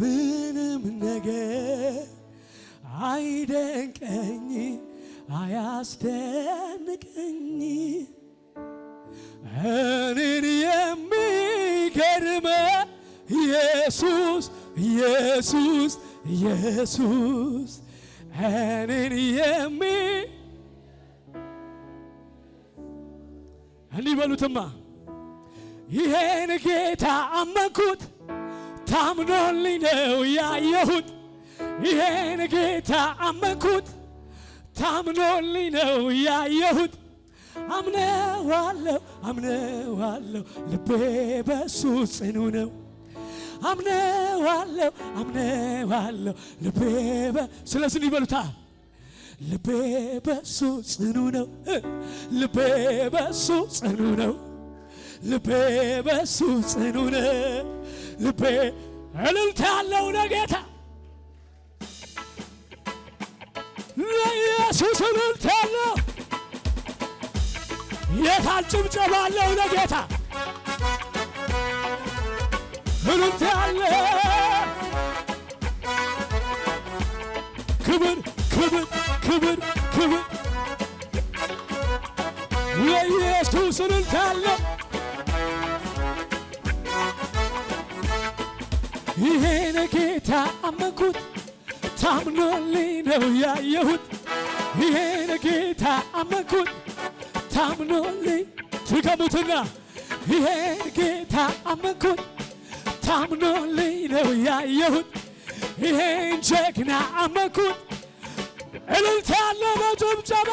ምንም ነገር አይደንቀኝ አያስደንቀኝ እኔን የሚገርመ ኢየሱስ ኢየሱስ ኢየሱስ እኔን የሚ እንዲህ በሉትማ ይሄን ጌታ አመንኩት ታምኖልኝ ነው ያየሁት፣ ይሄን ጌታ አመንኩት። ታምኖልኝ ነው ያየሁት፣ አምነዋለሁ አምነዋለሁ፣ ልቤ በሱ ጽኑ ነው። አምነዋለሁ አምነዋለሁ፣ ልቤ ስለስን ሊበሉታ ልቤ በሱ ጽኑ ነው። ልቤ በሱ ጽኑ ነው። ልቤ በሱ ጽኑ ነው። ልቤ እልልታ ያለው ለጌታ ለኢየሱስ እልልታ ያለው የታን ጭብጨባ አለው ለጌታ እልልታ ያለ ክብር ክብር ክብር ክብር ለኢየሱስ እልልታ ያለው ይሄን ጌታ አመንኩት፣ ታምኖልኝ ነው ያየሁት። ይሄን ጌታ አመንኩት፣ ታምኖልኝ ትገሙትና ይሄን ጌታ አመንኩት፣ ታምኖልኝ ነው ያየሁት። ይሄን ጀግና አመንኩት። እልልታ ያለ በጭብጨባ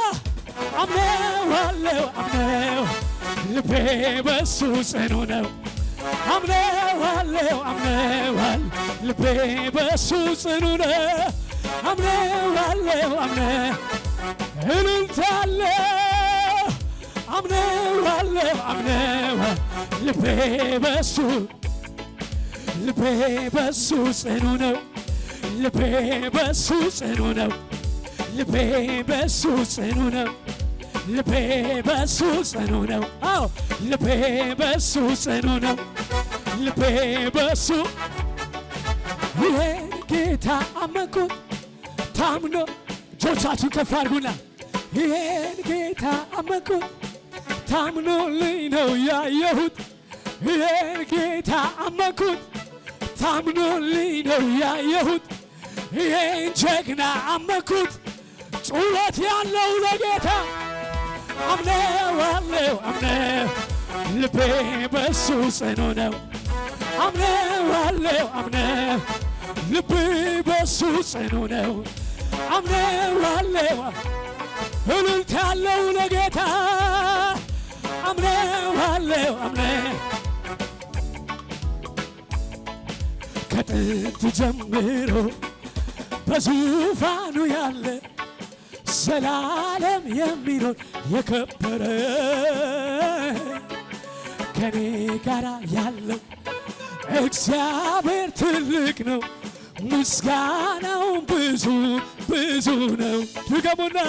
አምነዋለው አምነው ልቤ በሱ ጽኑ ነው አምነዋለው አምነዋል ልቤ በሱ ጽኑ ነው። አምነዋለው አምነ እልልታለ አምነዋለው አምነዋል ልቤ በሱ ልቤ በሱ ጽኑ ነው። ልቤ በሱ ጽኑ ነው። ልቤ በሱ ጽኑ ነው። ልቤ በሱ ጽኑ ነው። አዎ ልቤ በሱ ጽኑ ነው። ልቤ በሱ ይሄ ጌታ አመንኩት ታምኖ እጆቻችሁን ከፍ አድርጉና ይሄን ጌታ አመንኩት ታምኖልኝ ነው ያየሁት። ይሄን ጌታ አመንኩት ታምኖልኝ ነው ያየሁት። ይሄን ጀግና አመንኩት ጩኸት ያለው ለጌታ አምነዋለው አምነ ልቤ በሱ ጽኑ ነው አምነዋለው አምነ ልቤ በሱ ጽኑ ነው አምነዋለው እልልታ ያለው ለጌታ አምነዋለው አምነ ከጥንት ጀምሮ በዙፋኑ ያለ ዘላለም የሚኖር የከበረ ከኔ ጋር ያለው እግዚአብሔር ትልቅ ነው፣ ምስጋናው ብዙ ብዙ ነው። ድገሙና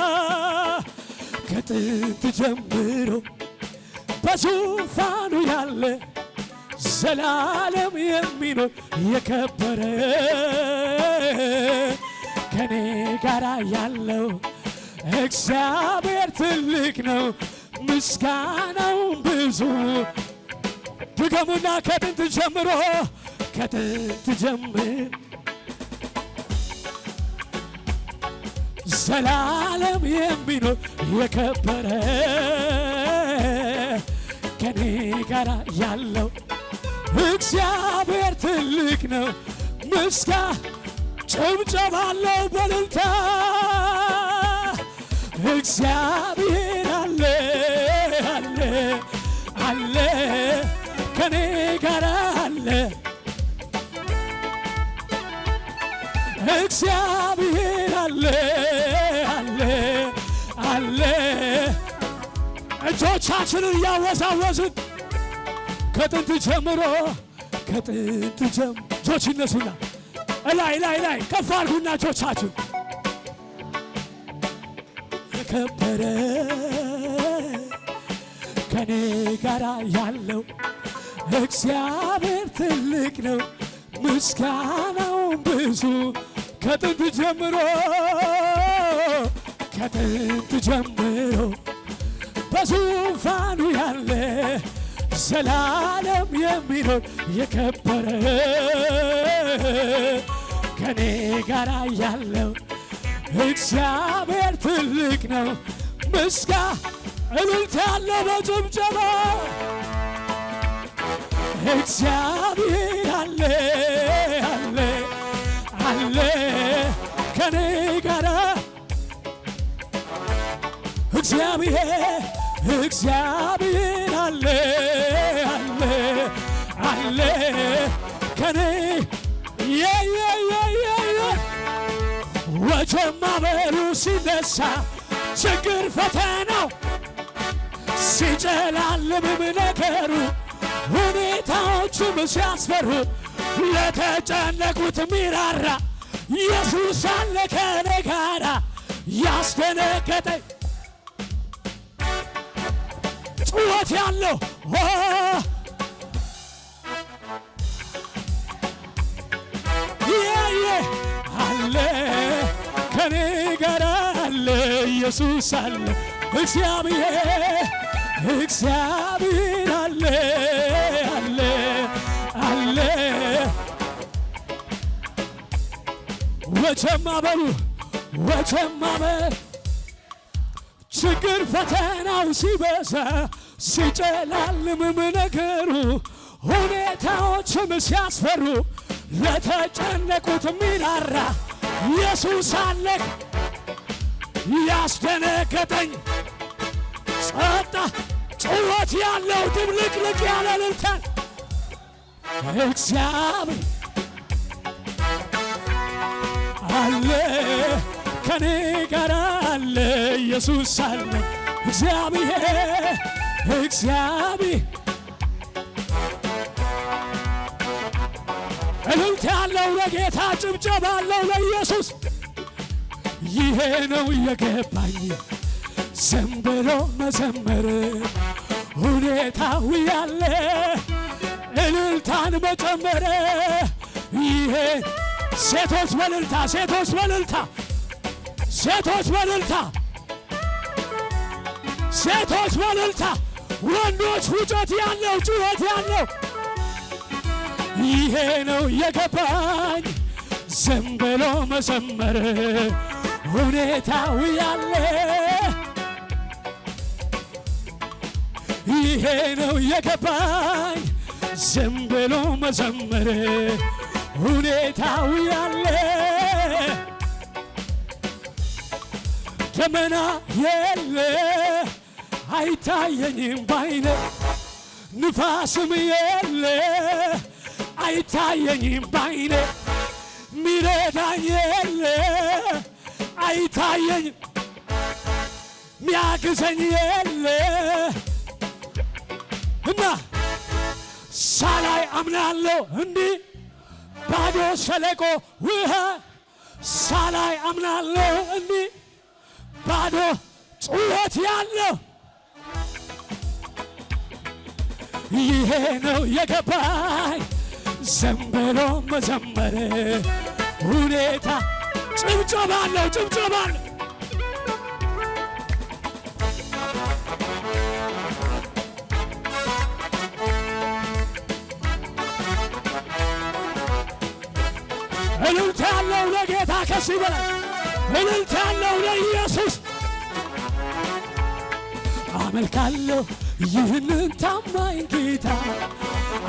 ከጥንት ጀምሮ በዙፋኑ ያለ ዘላለም የሚኖር የከበረ ከኔ ጋር ያለው እግዚአብሔር ትልቅ ነው፣ ምስጋናውን ብዙ ድገሙና ከጥንት ጀምሮ ከጥንት ጀምር ዘላለም የሚኖር የከበረ ከኔ ጋራ ያለው እግዚአብሔር ትልቅ ነው። ምስጋ ጭብጨባለው በልልታ እግዚአብሔር እግዚአብሔር አለ አለ አለ። እጆቻችንን እያወዛወዝን ከጥንት ጀምሮ ከጥንት ጀምሮ እጆች ይነሱና እላይ ላይ ላይ ከፍ አድርጉና እጆቻችን የከበረ ከኔ ጋራ ያለው እግዚአብሔር ትልቅ ነው ምስጋናውን ብዙ ከጥንት ጀምሮ ከጥንት ጀምሮ በዙፋኑ ያለ ዘላለም የሚኖር የከበረ ከኔ ጋር ያለው እግዚአብሔር ትልቅ ነው። ምስጋ እልልታ ያለው በጭብጨባ እግዚአብሔር አለ አለ አለ ከኔ ጋራ እግዚአብሔር እግዚአብሔር አለ አለ አለ ከኔ የየየየየ ወጀብ ሲነሳ ችግር ፈተናው ሲጨላልም ነገሩ ሁኔታዎችም ሲያስፈሩ ለተጨነቁት ሚራራ ኢየሱስ አለ ከኔ ጋራ ያስደነገጠኝ ጩኸት ያለው አለ ከኔ ጋራ አለ ኢየሱስ አለ እግዚአብሔር እግዚአብሔር አለ መቼም አበሉ መቼም አበል ችግር ፈተናው ሲበዛ ሲጨላልምም ነገሩ ሁኔታዎችም ሲያስፈሩ ለተጨነቁት ሚራራ ኢየሱስ አለ። ያስደነገጠኝ ጸጣ ጭወት ያለው ድብልቅልቅ ያለ ልልታን እግዚአብሔር አለ ከኔ ጋር አለ ኢየሱስ አለ እግዚአብሔር እግዚአብሔር እልልት ያለው ለጌታ ጭብጨባ አለው ለኢየሱስ ይሄ ነው የገባኝ ዘምብሎ መዘመር ሁኔታው ያለ እልልታን መጨመረ ይሄ ሴቶች በልልታ ሴቶች በልልታ ሴቶች በልልታ ሴቶች በልልታ ወንዶች ፉጨት ያለው ጩኸት ያለው ይሄ ነው የገባኝ ዝም ብሎ መዘመር ሁኔታው ያለ ይሄ ነው የገባኝ ዝም ብሎ መዘመር ሁኔታው ያለ ደመና የለ አይታየኝም ባይነ ንፋስም የለ አይታየኝም ባይነ ሚረዳኝ የለ አይታየኝ ሚያግዘኝ የለ እና ሳላይ አምናለሁ እንዲህ ባዶ ሸለቆ ውሃ ሳላይ አምናለሁ እንዲህ ባዶ ጩኸት ያለው ይሄ ነው የገባኝ ዘንበሎ መዘመር ሁኔታ ጭብጨባለሁ ጭብጨባለሁ ታከስ ይበላል። እልልታ ያለው ለኢየሱስ አመልካለሁ ይህንን ታማኝ ጌታ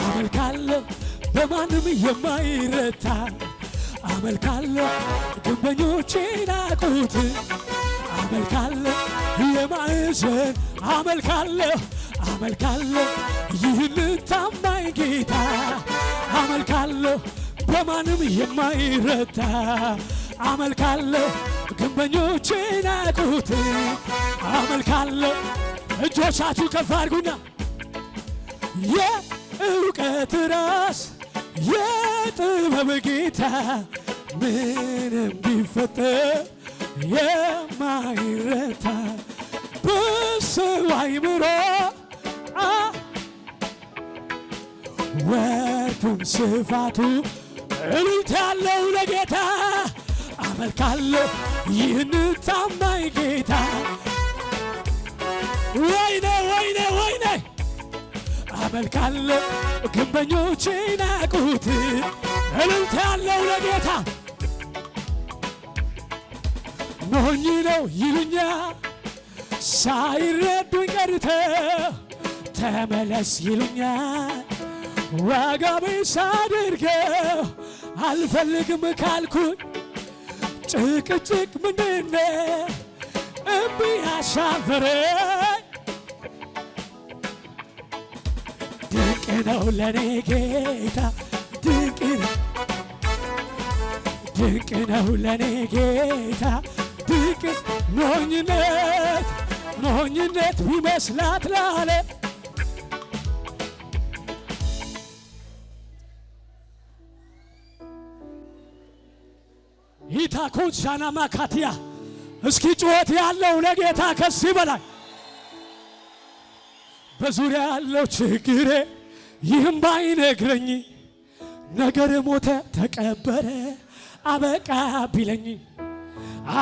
አመልካለሁ በማንም የማይረታ አመልካለሁ ግንበኞቼ ናቁት አመልካለሁ የማዕዘን አመልካለሁ አመልካለሁ ይህንን ታማኝ ጌታ አመልካለሁ በማንም የማይረታ አመልካለሁ ግንበኞቼ ናቁት አመልካለሁ። እጆቻችሁ ከፍ አድርጉና የእውቀት ራስ የጥበብ ጌታ ምንም ቢፈጠር የማይረታ ብስው አይምሮ ወርዱም ስፋቱ እልልታ ያለው ለጌታ አመልካለሁ ይህን ታማኝ ጌታ። ወይነ ወይነ ወይነ አመልካለሁ ግንበኞች ናቁት። እልልታ ያለው ለጌታ ሞኝ ነው ይሉኛ ሳይረዱኝ ቀርተ ተመለስ ይሉኛ ዋጋ ቢስ አድርገው አልፈልግም ካልኩኝ ጭቅጭቅ ምንነ እምቢ አሻፈረ ድንቅ ነው ለኔ ጌታ ድንቅ ነው ድንቅ ነው ለኔ ጌታ ድንቅ ሞኝነት ሞኝነት ቢመስላት ላለ ይታኮን ሻናማ ካቲያ እስኪ ጩኸት ያለው ለጌታ ከዚህ በላይ በዙሪያ ያለው ችግሬ ይህም ባይነግረኝ ነገር ሞተ ተቀበረ አበቃ ቢለኝ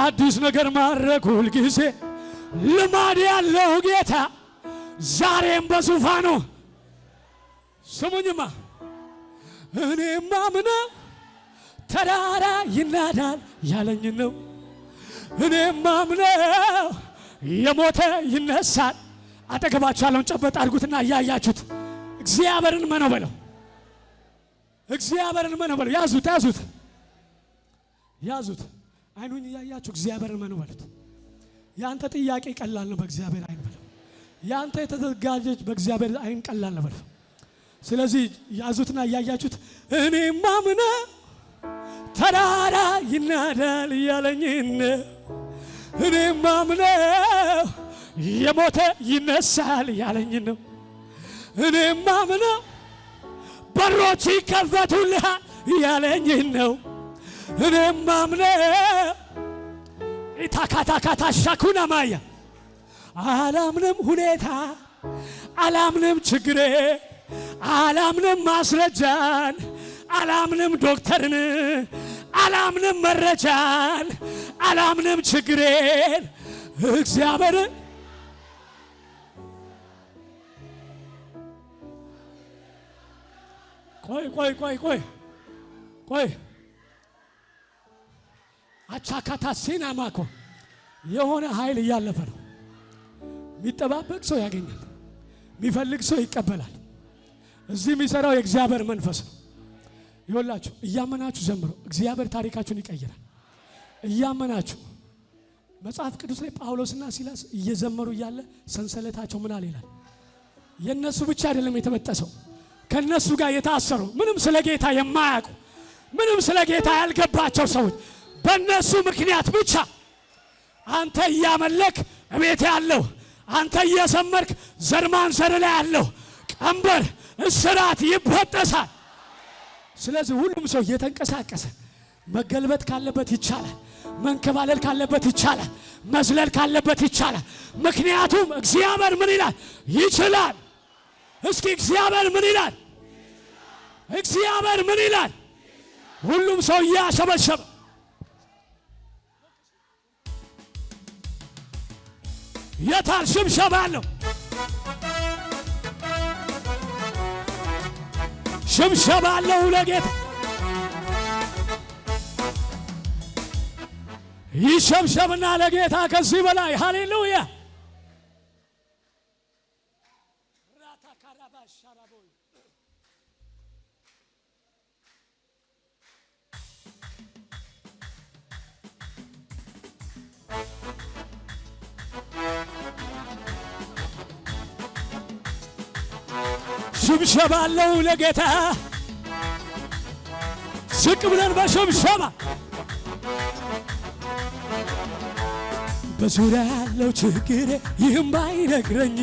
አዲስ ነገር ማድረግ ሁልጊዜ ልማድ ያለው ጌታ ዛሬም በዙፋኑ ስሙኝማ እኔም ማምነ ተራራ ይናዳል ያለኝ ነው። እኔም ማምነው የሞተ ይነሳል። አጠገባችሁ ያለውን ጨበጥ አድርጉትና እያያችሁት እግዚአብሔርን መነው በለው። እግዚአብሔርን መነው በለው። ያዙት፣ ያዙት፣ ያዙት። አይኑን እያያችሁ እግዚአብሔርን መነው በሉት። ያንተ ጥያቄ ቀላል ነው በእግዚአብሔር አይን በለው። ያንተ የተዘጋጀች በእግዚአብሔር አይን ቀላል ነው በለው። ስለዚህ ያዙትና እያያችሁት እኔ ማምነው ተራራ ይናዳል እያለኝን እኔም ማምነው የሞተ ይነሳል እያለኝን ነው። እኔም ማምነው በሮች ይከፈቱልሃል እያለኝን ነው። እኔም ማምነው ኢታካታካታ ሻኩና ማያ አላምንም ሁኔታ አላምንም ችግሬ አላምንም ማስረጃን አላምንም ዶክተርን፣ አላምንም መረጃን፣ አላምንም ችግሬን እግዚአብሔር ቆይ ቆይ ቆይ ቆይ ቆይ አቻካታ ሲናማኮ የሆነ ኃይል እያለፈ ነው። የሚጠባበቅ ሰው ያገኛል፣ የሚፈልግ ሰው ይቀበላል። እዚህ የሚሰራው የእግዚአብሔር መንፈስ ነው። ይወላችሁ እያመናችሁ ዘምሩ። እግዚአብሔር ታሪካችሁን ይቀይራል። እያመናችሁ መጽሐፍ ቅዱስ ላይ ጳውሎስና ሲላስ እየዘመሩ እያለ ሰንሰለታቸው ምን አለ ይላል። የእነሱ ብቻ አይደለም የተበጠሰው፣ ከእነሱ ጋር የታሰሩ ምንም ስለ ጌታ የማያውቁ ምንም ስለ ጌታ ያልገባቸው ሰዎች በእነሱ ምክንያት ብቻ አንተ እያመለክ እቤት ያለው አንተ ዘርማን ዘር ላይ ያለው ቀንበር እስራት ይበጠሳል። ስለዚህ ሁሉም ሰው እየተንቀሳቀሰ መገልበጥ ካለበት ይቻላል። መንከባለል ካለበት ይቻላል። መዝለል ካለበት ይቻላል። ምክንያቱም እግዚአብሔር ምን ይላል? ይችላል። እስኪ እግዚአብሔር ምን ይላል? እግዚአብሔር ምን ይላል? ሁሉም ሰው እያሸበሸበ የታል ሽብሸባ አለው። ሽብሸባ አለው ለጌታ ይሸብሸብና ለጌታ ከዚህ በላይ ሃሌሉያ እሸባለሁ ለጌታ ዝቅ ብለን በሽብሸባ በዙሪያ ያለው ችግር ይህም ባይነግረኝ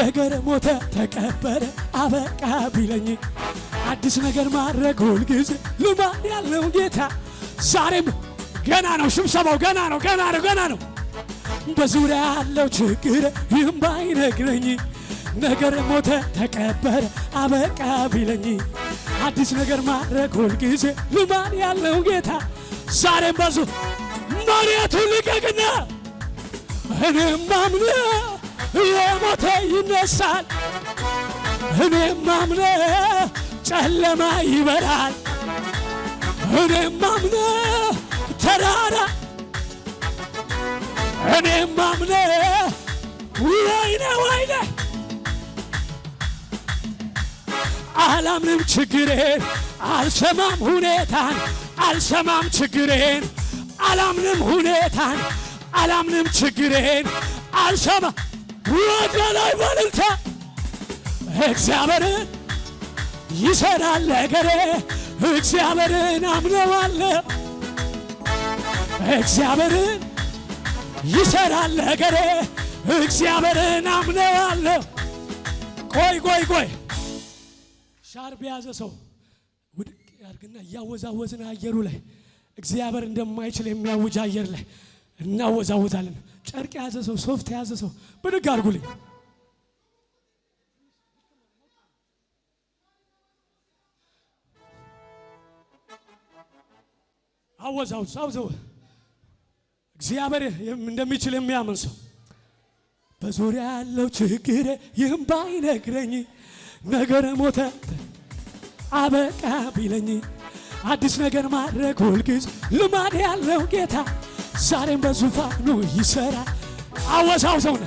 ነገር ሞተ ተቀበረ አበቃ ቢለኝ አዲስ ነገር ማድረግ ሁልጊዜ ልማድ ያለው ጌታ ዛሬም ገና ነው። ሽብሰባው ገና ነው፣ ገና ነው፣ ገና ነው። በዙሪያ ያለው ችግር ይህም ባይነግረኝ ነገር ሞተ ተቀበረ አበቃ ቢለኝ አዲስ ነገር ማድረግ ሁልጊዜ ልማን ያለው ጌታ ዛሬም በዙ መሬቱ ልቀቅና እኔም ማምነ የሞተ ይነሳል። እኔም ማምነ ጨለማ ይበራል። እኔም ማምነ ተራራ እኔም ማምነ ወይነወ አላምንም ችግሬን፣ አልሰማም ሁኔታን፣ አልሰማም ችግሬን፣ አላምንም ሁኔታን፣ አላምንም ችግሬን፣ አልሰማ ወደ ላይ በልልታ እግዚአብሔርን ይሰራል ነገሬ፣ እግዚአብሔርን አምነዋለሁ። እግዚአብሔርን ይሰራል ነገሬ፣ እግዚአብሔርን አምነዋለሁ። ቆይ ቆይ ቆይ ሻርብ የያዘ ሰው ውድቅ ያርግና እያወዛወዝን አየሩ ላይ እግዚአብሔር እንደማይችል የሚያውጅ አየር ላይ እናወዛወዛለን። ጨርቅ የያዘ ሰው፣ ሶፍት የያዘ ሰው ብድግ አድርጉልኝ። አወዛውዝ አውዘው እግዚአብሔር እንደሚችል የሚያምን ሰው በዙሪያ ያለው ችግር ይህም ባይነግረኝ ነገር ሞተ አበቃ ቢለኝ አዲስ ነገር ማድረግ ሁልጊዜ ልማድ ያለው ጌታ ዛሬም በዙፋኑ ይሰራል። አወሳውሰውና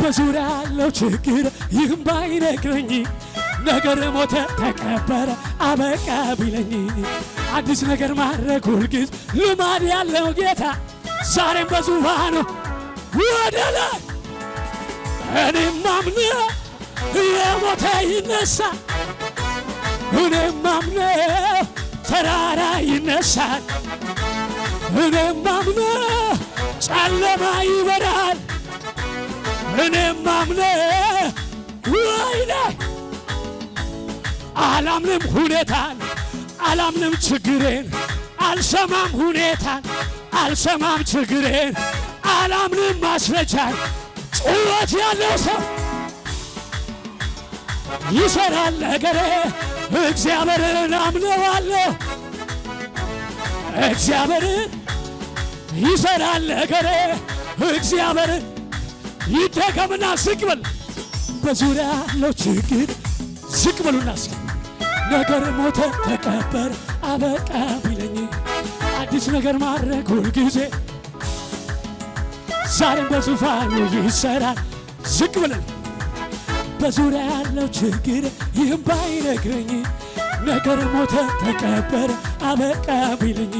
በዙሪያ ያለው ችግር ይህም ባይነግረኝ ነገር ሞተ ተቀበረ አበቃ ቢለኝ አዲስ ነገር ማድረግ ሁልጊዜ ልማድ ያለው ጌታ ዛሬም በዙፋኑ ወደ ላይ እኔም አምነ የሞተ ይነሳል። እኔም ማምነው ተራራ ይነሳል። እኔም ማምነው ጨለማ ይበራል። እኔም ማምነው ወይኔ አላምንም ሁኔታን አላምንም ችግሬን አልሰማም ሁኔታን አልሰማም ችግሬን አላምንም ማስረጃን ጩኸት ያለው ሰው ይሰራል ነገሬ እግዚአብሔርን አምነዋለሁ። እግዚአብሔርን ይሰራል ነገሬ እግዚአብሔርን ይደገምና ዝቅ በል። በዙሪያ ያለው ችግር ዝቅ በሉና ነገር ሞተ ተቀበር አበቃ ቢለኝ አዲስ ነገር ማድረግ ሁልጊዜ ዛሬም በዙፋኑ ይሰራል ዝቅ ብለን በዙሪያ ያለው ችግር ይህም ባይነግረኝ ነገር ሞተ ተቀበረ አበቃ ቢልኝ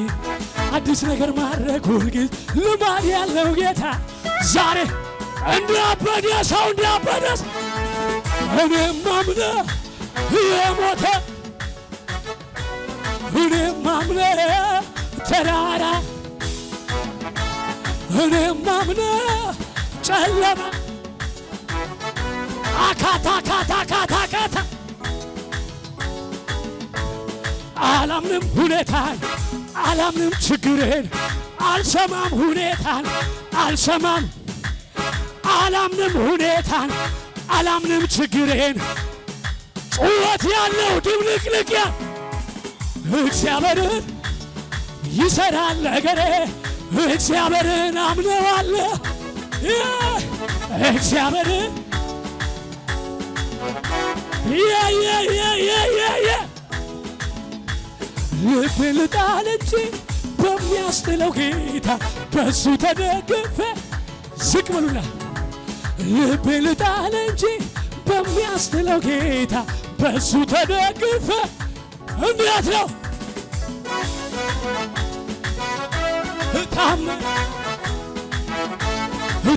አዲስ ነገር ማድረግ ሁልጊዜ ልማድ ያለው ጌታ ዛሬ እንዳበደ ሰው እንዳበደ እኔም አምነ የሞተ እኔም አምነ ተራራ እኔም አምነ ጨለማ አካታካታካታካታ አላምንም ሁኔታን አላምንም ችግርህን አልሰማም ሁኔታን አልሰማም አላምንም ሁኔታን አላምንም ችግርህን ጩኸት ያለው ድብልቅልቅ ያ እግዚአብሔርን ይሰራል ነገሬ እግዚአብሔርን አምነዋለሁ እግዚአብሔርን ልጣልቼ በሚያስጥለው ጌታ በሱ ተደግፌ ዝቅ በሉና ልቤ ልጣል እንጂ በሚያስጥለው ጌታ በሱ ተደግፈ እንዴት ነው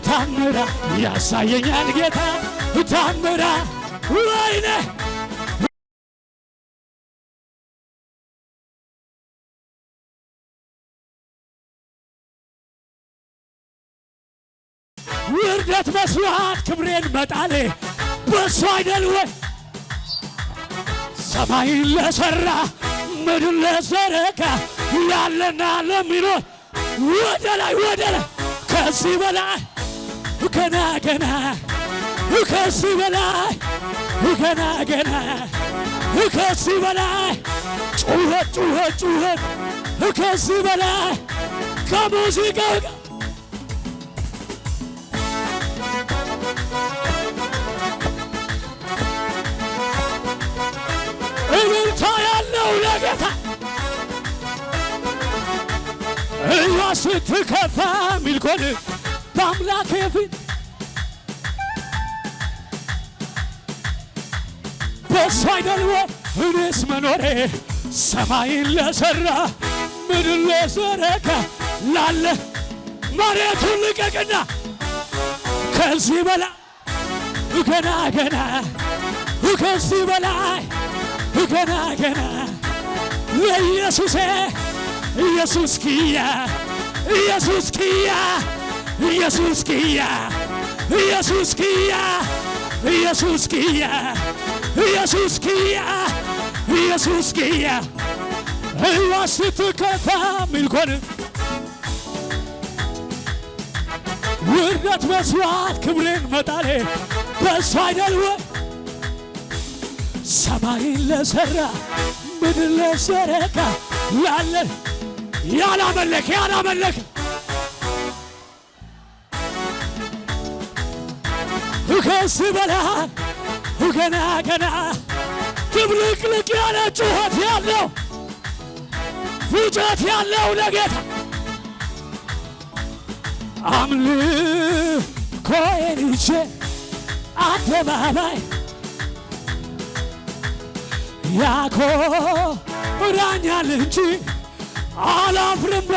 ታምራ ያሳየኛል ጌታ ታምራ ላይ ውርደት መስሎሃል ክብሬን መጣሌ በሱ አይደል ወይ ሰማይን ለሠራ ምድር ለዘረጋ ያለና ለሚኖር ወደ ላይ ወደ ላይ ከዚህ በላይ ገና ገና ከዚህ በላይ ገና ገና ከዚህ በላይ ጩኸት ጩኸት ጩኸት ከዚህ በላይ ከሙዚቃው ጋር እልልታ ያለው ለጌታ እያ ስትከፋ ሚልኮን በአምላክ ፊት ደስ አይደል እኔስ መኖሬ ሰማይን ለሠራ ምድር ለዘረጋ ላለ መሬቱን ልቀቅና ከዚህ በላይ ገና ገና ከዚህ በላይ ገና ገና ለኢየሱሴ ኢየሱስ ክያ ኢየሱስ ክያ ኢየሱስ ክያ ኢየሱስ ክያ ኢየሱስ ክያ ኢየሱስ ክያ ኢየሱስ ክያ ሕያስ ስትከፋ ሚልኮን ውርደት መስዋዕት ክብሬን መጣሌ በሱ አይደል ወይ ሰማይን ለሠራ ምድር ለዘረጋ ያለ ያላመለክ ያላመለክ ከሱ በላይ ገና ገና ድብልቅልቅ ያለ ጩኸት ያለው ፉጨት ያለው ለጌታ አምልኮዬን ይዤ አደባባይ ያኮራኛል እንጂ አላፍርም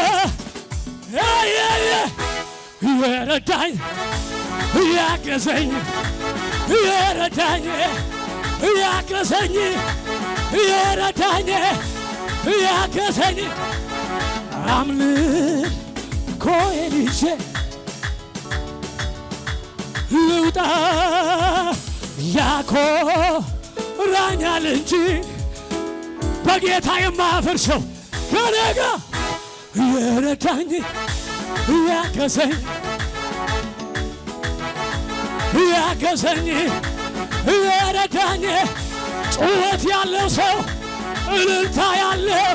የረዳኝ እያገዘኝ እየረዳኝ እያገሰኝ እየረዳኝ እያገሰኝ አምልኮዬን ይዤ ልውጣ ያኮራኛል እንጂ በጌታ የማፍር እየረዳኝ ያገዘኝ የረዳኝ ጩኸት ያለው ሰው እልልታ ያለው